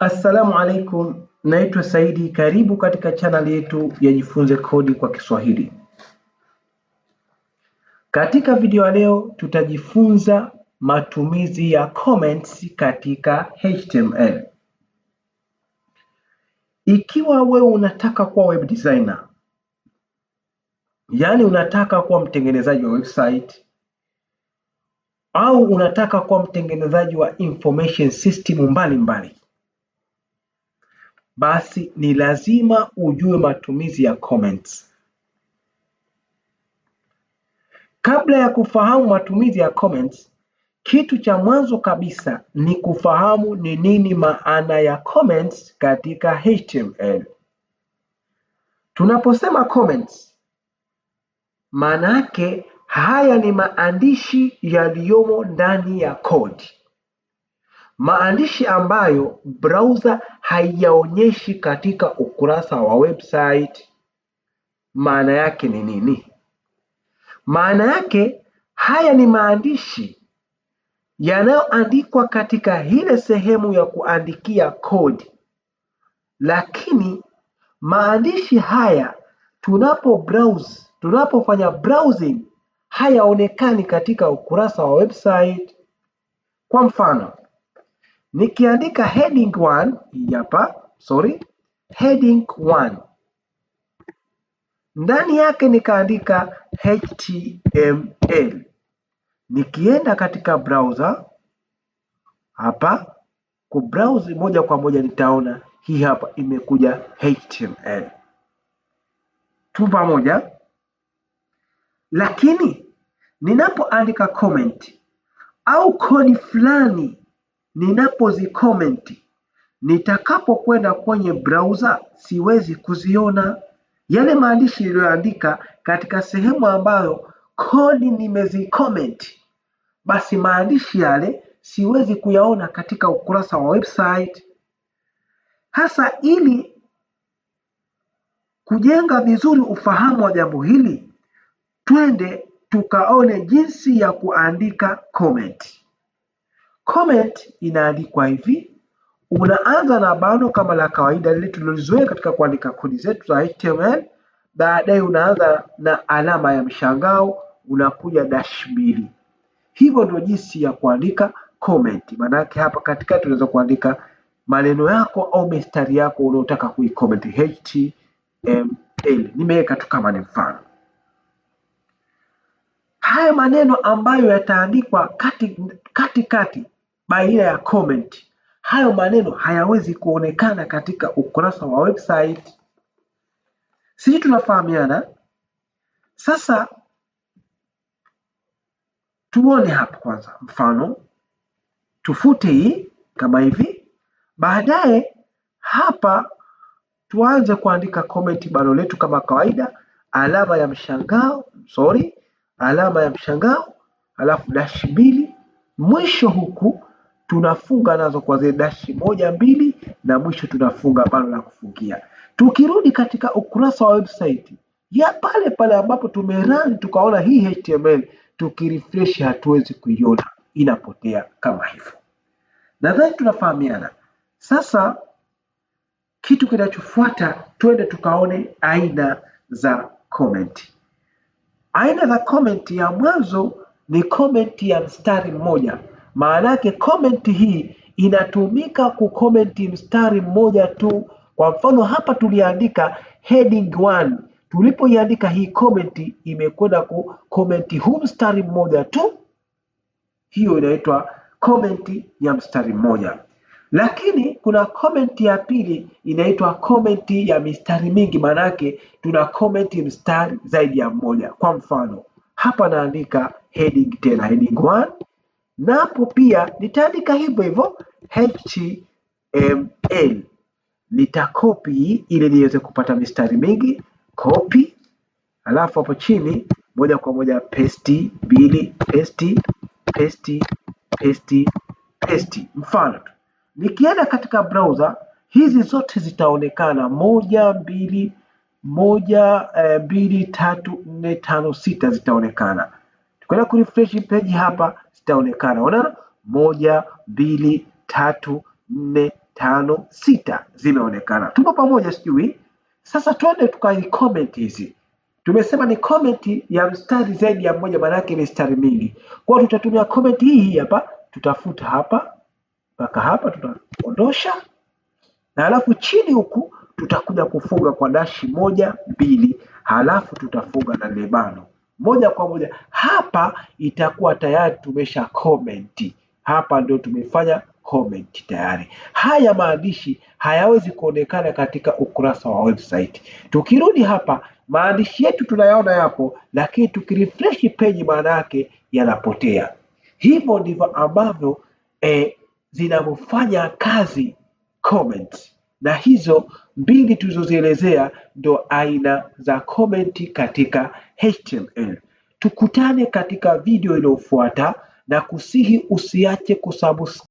Assalamu alaikum, naitwa Saidi, karibu katika chaneli yetu ya Jifunze Kodi kwa Kiswahili. Katika video ya leo tutajifunza matumizi ya comments katika HTML. Ikiwa wewe unataka kuwa web designer, yaani unataka kuwa mtengenezaji wa website au unataka kuwa mtengenezaji wa information system mbalimbali mbali basi ni lazima ujue matumizi ya comments. Kabla ya kufahamu matumizi ya comments, kitu cha mwanzo kabisa ni kufahamu ni nini maana ya comments katika HTML. Tunaposema comments, maana yake haya ni maandishi yaliyomo ndani ya kodi maandishi ambayo browser haiyaonyeshi katika ukurasa wa website maana yake ni nini maana yake haya ni maandishi yanayoandikwa katika ile sehemu ya kuandikia kodi lakini maandishi haya tunapo browse tunapofanya browsing hayaonekani katika ukurasa wa website kwa mfano Nikiandika heading 1 hapa, sorry, heading 1 ndani yake nikaandika HTML. Nikienda katika browser hapa ku browse moja kwa moja, nitaona hii hapa imekuja HTML tu pamoja, lakini ninapoandika comment au kodi fulani ninapozikomenti nitakapokwenda kwenye browser siwezi kuziona yale maandishi iliyoandika katika sehemu ambayo kodi nimezicomment basi maandishi yale siwezi kuyaona katika ukurasa wa website hasa ili kujenga vizuri ufahamu wa jambo hili twende tukaone jinsi ya kuandika comment Comment inaandikwa hivi, unaanza na bano kama la kawaida lile tulilozoea katika kuandika kodi zetu za HTML. Baadaye unaanza na alama ya mshangao, unakuja dash mbili. Hivyo ndio jinsi ya kuandika comment. yake hapa katikati unaweza kuandika maneno yako au mistari yako unaotaka kuicomment HTML. Nimeweka tu kama ni mfano. Haya maneno ambayo yataandikwa kati kati kati baina ya comment. Hayo maneno hayawezi kuonekana katika ukurasa wa website. Sisi tunafahamiana. Sasa tuone hapa kwanza, mfano tufute hii kama hivi, baadaye hapa tuanze kuandika comment bano letu kama kawaida, alama ya mshangao sorry, alama ya mshangao, alafu dash mbili, mwisho huku tunafunga nazo kwa zile dashi moja mbili, na mwisho tunafunga bano la kufungia. Tukirudi katika ukurasa wa website ya pale pale ambapo tumerun tukaona hii HTML, tukirefresh hatuwezi kuiona, inapotea kama hivyo. Nadhani tunafahamiana. Sasa kitu kinachofuata, twende tukaone aina za comment. Aina za comment ya mwanzo ni comment ya mstari mmoja maana yake komenti hii inatumika kukomenti mstari mmoja tu. Kwa mfano hapa tuliandika heading 1 tulipoiandika hii komenti imekwenda kukomenti huu mstari mmoja tu. Hiyo inaitwa komenti ya mstari mmoja. Lakini kuna komenti ya pili inaitwa komenti ya mistari mingi, maanake tuna komenti mstari zaidi ya mmoja. Kwa mfano hapa naandika heading tena heading na hapo pia nitaandika hivyo hivyo HTML. Nitakopi ili niweze kupata mistari mingi, copy, alafu hapo chini moja kwa moja paste mbili, paste paste paste paste Mfano tu nikienda katika browser hizi zote zitaonekana moja mbili moja eh, mbili tatu nne tano sita zitaonekana. Tukienda ku refresh page hapa zitaonekana, unaona moja, mbili, tatu, nne, tano, sita zimeonekana. Tuko pamoja sijui? Sasa twende tukai comment hizi. Tumesema ni comment ya mstari zaidi ya mmoja, maana yake mistari mingi. Kwa hiyo tutatumia comment hii hii hapa, tutafuta hapa mpaka hapa, tutaondosha na halafu chini huku tutakuja kufunga kwa dashi moja mbili, halafu tutafunga na lebano moja kwa moja hapa itakuwa tayari tumesha comment. Hapa ndio tumefanya comment tayari. Haya maandishi hayawezi kuonekana katika ukurasa wa website. Tukirudi hapa, maandishi yetu tunayaona yapo, lakini tukirefresh page, maana yake yanapotea. Hivyo ndivyo ambavyo eh, zinavyofanya kazi comments na hizo mbili tulizozielezea ndo aina za komenti katika HTML. Tukutane katika video inayofuata na kusihi usiache kusubscribe